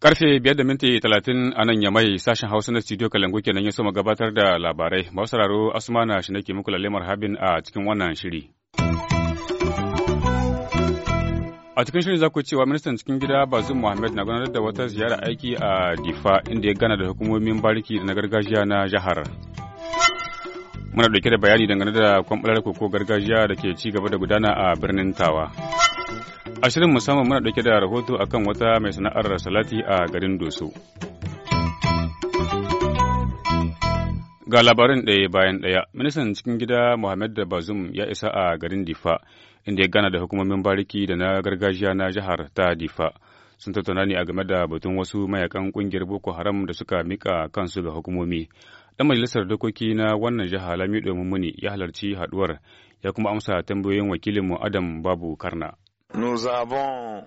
Karfe biyar da minti talatin a nan yamai sashen Hausa na studio Kalangu kenan ya soma gabatar da labarai. Masu sauraro Asmana shi nake muku lalle habin a cikin wannan shiri. A cikin shirin za ku cewa ministan cikin gida Bazum Muhammad na gudanar da wata ziyara aiki a Difa inda ya gana da hukumomin bariki da na gargajiya na jihar. Muna dauke da bayani dangane da kwamɓalar koko gargajiya da ke ci gaba da gudana a birnin Tawa. A shirin musamman muna dauke da rahoto akan wata mai sana'ar salati a garin Doso. Ga labarin ɗaya bayan ɗaya, ministan cikin gida Muhammad da Bazum ya isa a garin Difa inda ya gana da hukumomin bariki da na gargajiya na jihar ta Difa. Sun tattauna ne a game da batun wasu mayakan kungiyar Boko Haram da suka mika kansu ga hukumomi. Dan majalisar dokoki na wannan jiha Lamido Mummuni ya halarci haduwar ya kuma amsa tambayoyin wakilinmu Adam Babu Karna. Mun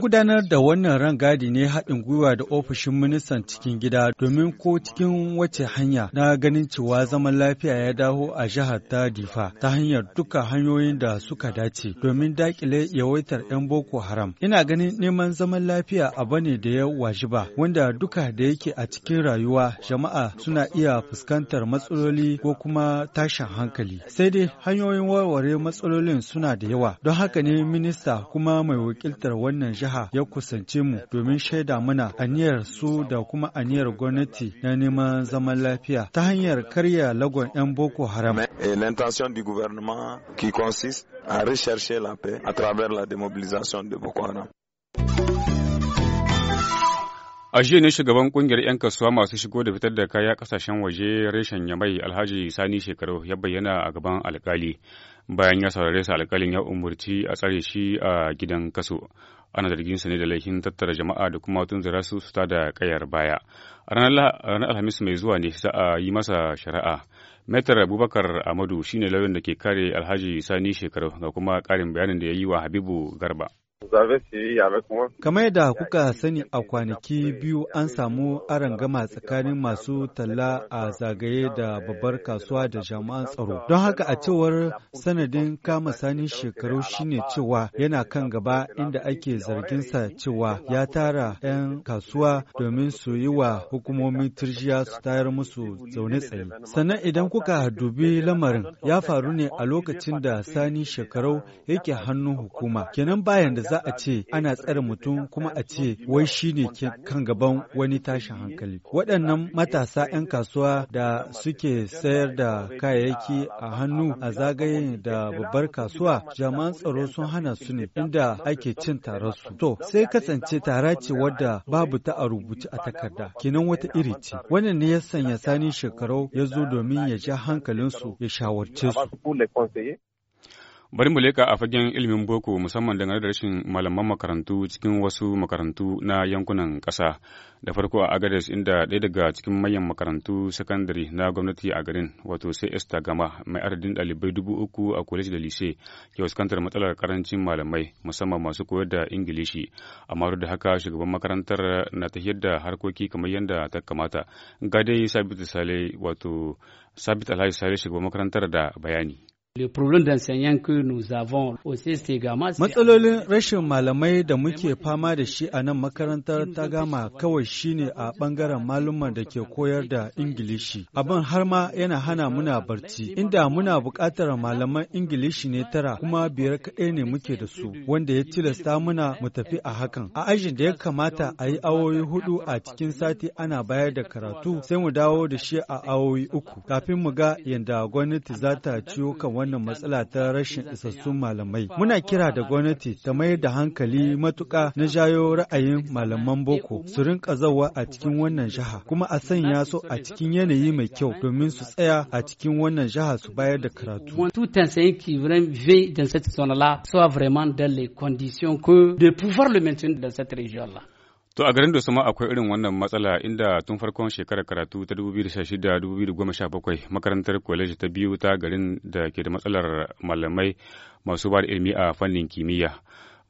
gudanar da wannan ran gadi ne haɗin gwiwa da ofishin ministan cikin gida domin ko cikin wace hanya na ganin cewa zaman lafiya ya dawo a jihar ta Difa ta hanyar duka hanyoyin da suka dace domin dakile yawaitar 'yan Boko Haram. Ina ganin neman zaman lafiya a ne da ya wajiba wanda duka da yake a cikin rayuwa jama'a suna iya fuskantar matsaloli ko kuma tashin hankali. Sai dai hanyoyin warware matsalolin suna da yawa don haka ne minista kuma mai wakiltar wannan jiha ya kusance mu domin shaida mana aniyar su da kuma aniyar gwamnati na neman zaman lafiya ta hanyar karya lagon 'yan Boko Haram. L'intention du gouvernement qui consiste à rechercher la paix à travers la démobilisation de Boko Haram. A jiya ne shugaban kungiyar 'yan kasuwa masu shigo da fitar da kaya kasashen waje reshen Yamai Alhaji Sani Shekaru ya bayyana a gaban alkali. Bayan ya saurare sa alkalin ya umurci a tsare shi a gidan kaso. Ana zargin sa ne da laifin tattara jama'a da kuma tunzura su su da kayar baya. A ranar Alhamis mai zuwa ne za a yi masa shari'a. Metar Abubakar Amadu shine lauyan da ke kare Alhaji Sani Shekaru ga kuma karin bayanin da ya yi wa Habibu Garba. Kamar yadda kuka sani a kwanaki biyu an samu gama tsakanin masu talla a zagaye da babbar kasuwa da jami'an tsaro. Don haka a cewar sanadin kama sani shekaru shine cewa yana kan gaba inda ake zargin sa cewa ya tara 'yan kasuwa domin su yi wa hukumomin turjiya su tayar musu zaune tsaye. Sannan idan kuka dubi lamarin ya faru ne a lokacin da sani shekaru yake hannun hukuma. Kenan bayan da za a ce ana tsare mutum kuma a ce wai shi ne kan gaban wani tashin hankali. Waɗannan matasa 'yan kasuwa da suke sayar da kayayyaki a hannu a zagaye da babbar kasuwa jama'an tsaro sun hana su ne inda ake cin tararsu. To sai kasance tara ce wadda babu ta a rubuce a takarda, kenan wata iri ce. Wannan ne ya sanya sani shekaru ya zo domin ya ja hankalinsu ya shawarce su. Bari mu leƙa a fagen ilimin boko musamman dangane da rashin malaman makarantu cikin wasu makarantu na yankunan ƙasa. Da farko a Agadez inda ɗaya daga cikin manyan makarantu sakandare na gwamnati a garin wato sai Esther Gama mai adadin ɗalibai dubu uku a kwaleji da lise ke fuskantar matsalar karancin malamai musamman masu koyar da Ingilishi. Amma duk da haka shugaban makarantar na tafiyar da harkoki kamar yadda ta kamata. Ga dai Sabit Sale wato Sabit Alhaji Sale shugaban makarantar da bayani. Matsalolin rashin malamai da muke fama da shi a nan makarantar ta gama kawai shi ne a ɓangaren malamar da ke koyar da Ingilishi. Abin har ma yana hana muna barci, inda muna buƙatar malaman Ingilishi ne tara kuma biyar kaɗai ne muke da su, wanda ya tilasta muna mu tafi a hakan. A ajin da ya kamata a yi awowi hudu a cikin sati ana bayar da karatu, sai mu dawo da shi a awowi uku, kafin mu ga yadda gwamnati za ta ciwo kan wannan matsala ta rashin isassun malamai. Muna kira da gwamnati ta mayar da hankali matuka na jayo ra'ayin malaman boko su rinka zawa a cikin wannan jiha kuma a sanya su a cikin yanayi mai kyau domin su tsaya a cikin wannan jiha su bayar da karatu. Tout enseignant que de pouvoir le maintenir dans cette région-là. To a garin da ma akwai irin wannan matsala inda tun farkon shekarar karatu ta 2016-2017 makarantar kwaleji ta biyu ta garin da ke da matsalar malamai masu ba da ilimi a fannin kimiyya.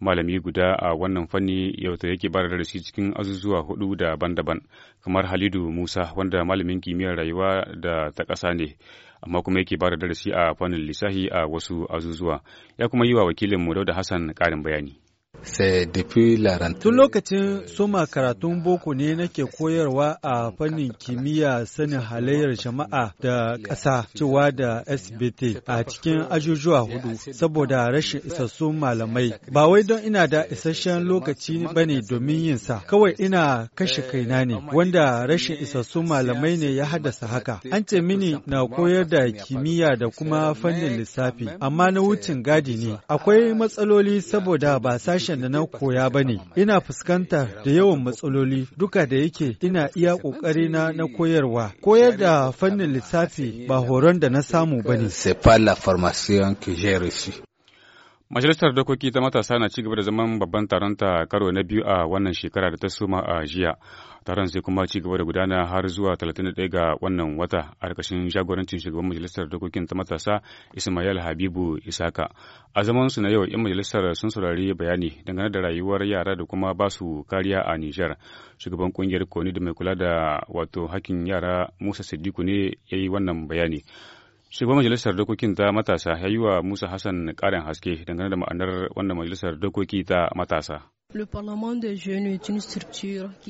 Malami guda a wannan fanni ta yake ba darasi cikin azuzuwa hudu daban-daban kamar Halidu Musa wanda malamin kimiyyar rayuwa da ta ƙasa ne amma kuma yake ba darasi a fannin lissahi a wasu azuzuwa ya kuma yi wa wakilin mu Dauda Hassan ƙarin bayani. Tun lokacin soma karatun boko ne nake koyarwa a fannin kimiyya sanin halayyar jama'a da ƙasa cewa da SBT a cikin ajujuwa hudu saboda rashin isassun malamai. Ba wai don ina da isasshen lokaci ba ne domin yin sa, kawai ina kashe kaina ne wanda rashin isassun malamai ne ya haddasa haka. An ce mini na koyar da kimiyya da kuma fannin lissafi, amma na wucin gadi ne. Akwai matsaloli saboda ba sashen harshen da na koya ba ne, ina fuskanta da yawan matsaloli duka da yake ina iya ƙoƙari na na koyarwa. Koyar da fannin lissafi ba horon da na samu ba ne. Majalisar Dokoki ta matasa na cigaba da zaman babban taron ta karo na biyu a wannan shekara da ta suma a jiya. Taron zai kuma cigaba da gudana har zuwa 31 ga wannan wata a ƙarƙashin jagorancin shugaban Majalisar Dokokin ta matasa Ismail Habibu Isaka. A zaman su na yau 'yan majalisar sun saurari bayani dangane da rayuwar yara da kuma ba su kariya a Nijar. Shugaban ƙungiyar Koni da mai kula da wato hakkin yara Musa Siddiku ne ya yi wannan bayani. Shugaban Majalisar Dokokin ta Matasa ya yi wa Musa Hassan ƙarin haske dangane da ma'anar wannan Majalisar Dokoki ta Matasa.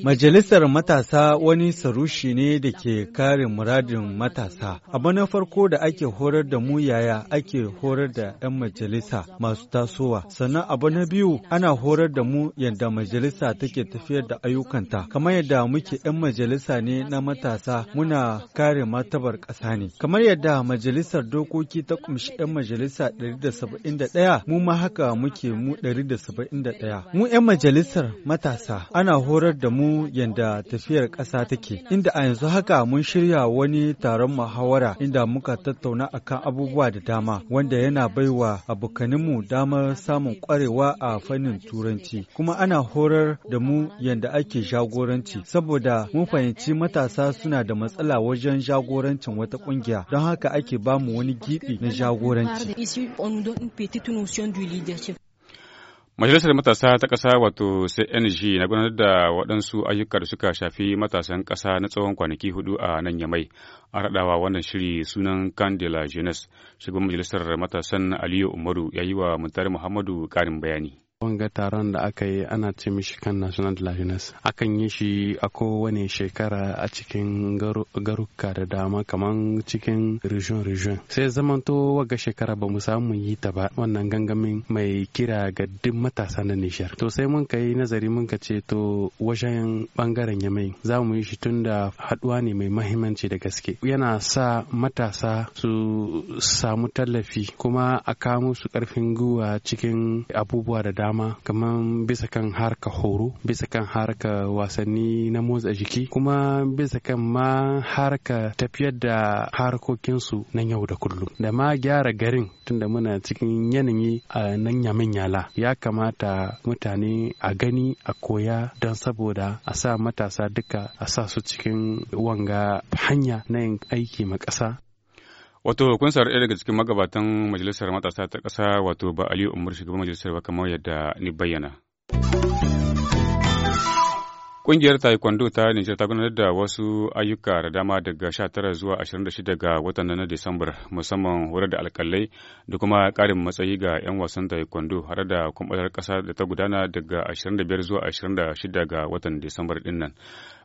Majalisar matasa wani sarushi ne da ke kare muradin matasa. Abu na farko da ake horar da mu yaya ake horar da 'yan majalisa masu tasowa. Sannan abu na biyu ana horar da mu yadda majalisa take tafiyar da ayyukanta. Kamar yadda muke 'yan majalisa ne na matasa muna kare matabar ƙasa ne. Kamar yadda majalisar dokoki ta kumshi 'yan majalisa 171 mu ma haka muke mu 171. Mu 'yan majalisar matasa ana horar da mu yadda tafiyar ƙasa take, inda a yanzu haka mun shirya wani taron muhawara inda muka tattauna akan abubuwa da dama wanda yana baiwa abokaninmu damar samun ƙwarewa a fannin turanci. Kuma ana horar da mu yadda ake jagoranci, saboda mun fahimci matasa suna da matsala wajen jagorancin wata ƙungiya, don haka ake bamu wani giɓi na jagoranci. Majalisar Matasa ta ƙasa wato CNG na gudanar da waɗansu ayyukan da suka shafi matasan ƙasa na tsawon kwanaki hudu a nan Yamai. A raɗawa wannan shiri sunan Candela Jeunesse. Shugaban Majalisar Matasan Aliyu Umaru ya yi wa Muntari Muhammadu ƙarin bayani. wanga taron da aka yi ana ce mishi kan national de akan yi shi a kowane shekara a cikin garuka da dama kamar cikin region region sai to waga shekara ba samu yi ta ba wannan gangamin mai kira ga duk matasa na nishar to sai mun kai nazari mun ka ce to wajen bangaren yamai za mu yi shi tun da haduwa ne mai mahimmanci da gaske yana sa matasa su samu tallafi kuma a kamo su karfin gwiwa cikin abubuwa da dama dama kamar bisa kan harka horo bisa kan harka wasanni na motsa jiki kuma bisa kan ma harka tafiyar da harkokinsu na yau da kullum da ma gyara garin tunda muna cikin yanayi a nan yamin yala ya kamata mutane a gani a koya don saboda a sa matasa duka a sa su cikin wanga hanya na yin aiki ma ƙasa Wato kun sa ɗaya daga cikin magabatan majalisar matasa ta ƙasa wato ba Aliyu Umar shugaban majalisar ba kamar yadda ni bayyana. Ƙungiyar Taekwondo ta Nijar ta gudanar da wasu ayyuka da dama daga 19 zuwa 26 ga watan na Disambar musamman horar da alƙalai da kuma ƙarin matsayi ga 'yan wasan Taekwondo har da kumbatar ƙasa da ta gudana daga 25 zuwa 26 ga watan Disambar ɗin nan.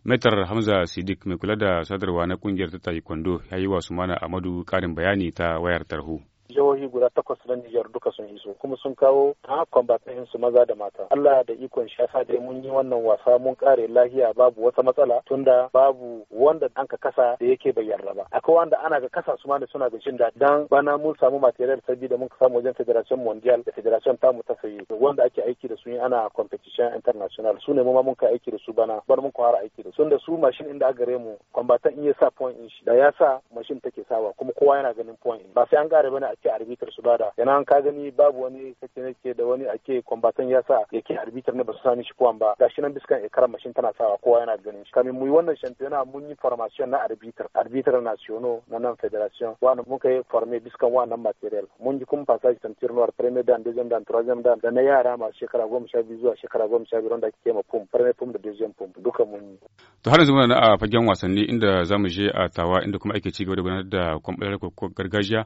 Metar Hamza Sidik mai kula da sadarwa na ƙungiyar ta Taekwondo ya yi wa mana Amadu ƙarin bayani ta wayar tarho. jihohi guda takwas na Nijar duka sun iso kuma sun kawo ta kwambatan su maza da mata Allah da ikon shi yasa dai mun yi wannan wasa mun kare lahiya babu wata matsala tunda babu wanda an ka kasa da yake bai yarda ba akwai wanda ana ga kasa su ma da suna ga jin daɗi dan bana mun samu material da mun samu wajen federation mondial da federation ta mu ta sayi wanda ake aiki da su ana competition international su ne mu ma mun ka aiki da su bana bar mun fara aiki da su da su mashin inda gare mu kwambatan in ya sa point in shi da ya sa mashin take sawa kuma kowa yana ganin point in ba sai an gare bane a ake arbitar su bada an ka gani babu wani kace nake da wani ake kwambatan ya sa yake arbitar ne ba su sami shi kuwan ba gashi nan biskan ikarar mashin tana sawa kowa yana ganin shi kamin muyi yi wannan shampiyona mun yi formation na arbitar arbitar national na nan federation wani muka yi forme biskan wannan material mun ji kuma passage tamtir noir premier dan deuxième dan troisième dan da na yara masu shekara goma sha biyu zuwa shekara goma sha biyu wanda ake ma pum premier pum da deuxième pum duka mun yi. to har yanzu muna a fagen wasanni inda zamu je a tawa inda kuma ake ci gaba da gudanar da kwamfutar gargajiya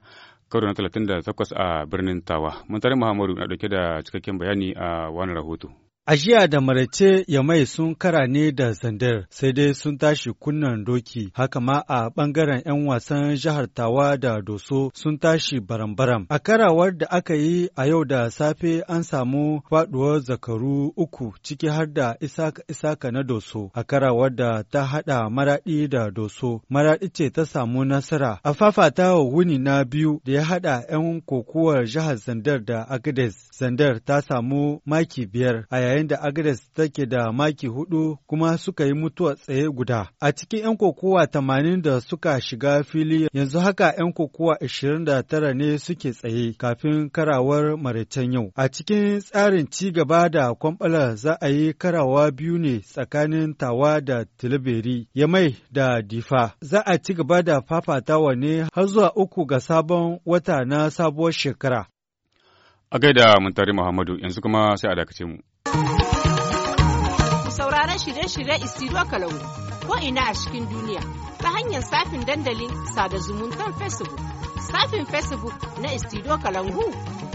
karo na 38 a birnin Tawa. Muntari Muhammadu na ɗauke da cikakken bayani a wani rahoto. Ajiya da marace ya mai sun kara ne da zandar sai dai sun tashi kunnan doki haka ma a bangaren 'yan wasan jihar tawa da doso sun tashi baram-baram. A karawar da aka yi a yau da safe an samu faduwar zakaru uku ciki har da isaka, isaka na doso. A karawar da ta haɗa maraɗi da doso maraɗi ce ta samu nasara. A fafata wuni na biyu da ya haɗa 'yan kokuwar jihar zandar da agades zandar ta samu maki biyar a yayin da Agres take da maki hudu kuma suka yi mutuwa tsaye guda. A cikin 'yan kokowa tamanin da suka shiga fili yanzu haka 'yan kokowa tara ne suke tsaye kafin karawar maraicen yau. A cikin tsarin ci gaba da kwambala za a yi karawa biyu ne tsakanin tawa da ya yamai da difa. Za a ci gaba da fafatawa ne har zuwa uku ga sabon wata na sabuwar shekara. A gaida Muntari Muhammadu yanzu kuma sai a dakace mu. Ku sauraron shirye-shirye Istiro Kalau ko ina a cikin duniya ta hanyar safin dandalin sada zumuntar Facebook. Safin Facebook na Istiro Kalangu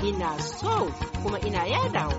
ina so kuma ina yadawa.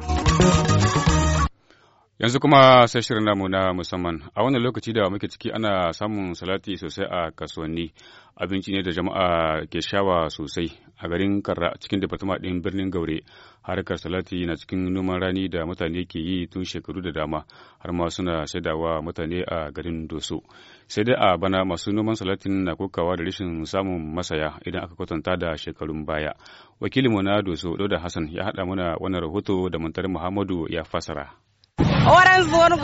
Yanzu kuma sai shirin namu na musamman a wannan lokaci da muke ciki ana samun salati sosai a kasuwanni abinci ne da jama'a ke shawa sosai a garin Karra cikin da ɗin birnin Gaure harkar salati na cikin noman rani da mutane ke yi tun shekaru da dama har ma suna shaidawa mutane a garin doso sai dai a bana masu noman salatin na kokawa da rashin samun masaya idan aka kwatanta da shekarun baya wakilinmu na doso dauda hassan ya haɗa mana wannan rahoto da muntar muhammadu ya fasara oran gono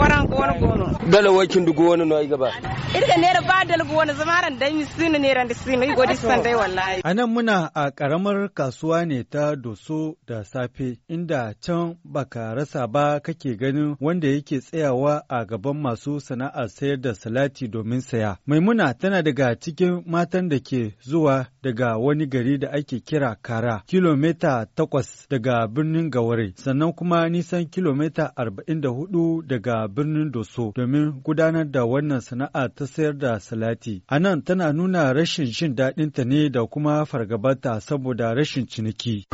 oran gono gono dala wakin du gono no ai gaba irga ne da badal gono ran dan sinu ne ran da sinu godi san dai wallahi anan muna a karamar kasuwa ne ta doso da safe inda can baka rasa ba kake ganin wanda yake tsayawa a gaban masu sana'ar sayar da salati domin saya maimuna tana daga cikin matan da ke zuwa daga wani gari da ake kira kara kilomita takwas daga birnin Gawari, sannan kuma nisan kilomita da 44 daga birnin Doso domin gudanar da wannan sana'a ta sayar da salati. A nan tana nuna rashin jin daɗinta ne da kuma fargabata saboda rashin ciniki.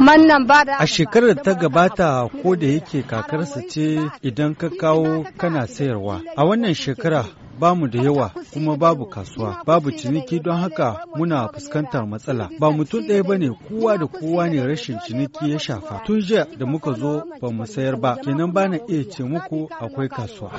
A shekarar da ta gabata ko da yake kakarsa ce idan ka kawo kana sayarwa. A wannan shekara Bamu da yawa kuma babu kasuwa, babu ciniki don haka muna fuskantar matsala. Ba mutum ɗaya ba ne kowa da kowa ne rashin ciniki ya shafa. Tun jiya da muka zo ba mu sayar ba, kenan ba na iya ce muku akwai kasuwa.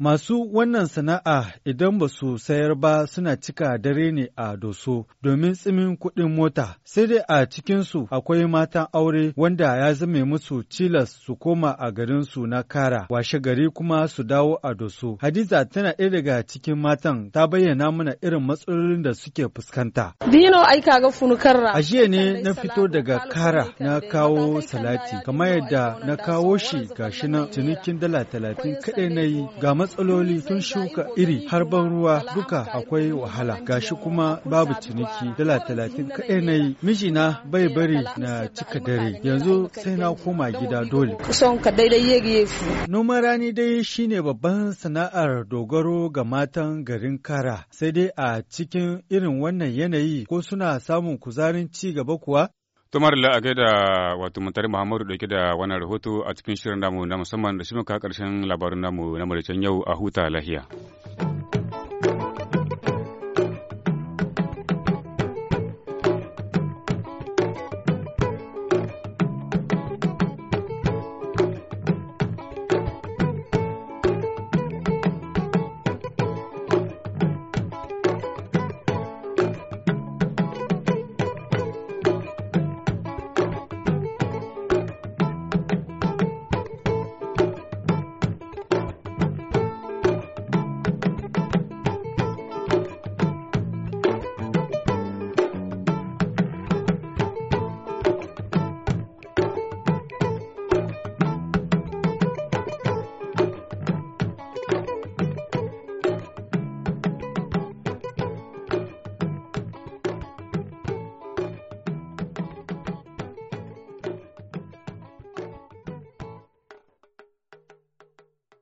Masu wannan sana'a idan ba su sayar ba suna cika dare ne a doso domin tsimin kuɗin mota. Sai dai a cikinsu akwai matan aure wanda ya zame musu cilas su koma a garinsu na kara, washe gari kuma su dawo a doso. su. Hadiza tana ɗaya daga cikin matan ta bayyana mana irin matsalolin da suke fuskanta. Dino ai kaga funukarra. A jiya ne na fito daga kara na kawo salati kamar yadda na kawo shi gashi na cinikin dala talatin kaɗai na yi ga matsaloli tun shuka iri har ban ruwa duka akwai wahala gashi kuma babu ciniki dala talatin kaɗai na yi mijina bai bari na cika dare yanzu sai na koma gida dole. Kusan ka daidai Noman rani dai shine babban sana sana'ar dogaro ga matan garin Kara, sai dai a cikin irin wannan yanayi ko suna samun kuzarin ci gaba kuwa? Tumar la a da wato Muhammadu dauke da wannan rahoto a cikin shirin namu na musamman da shi muka karshen labarin namu na maricen yau a huta lahiya.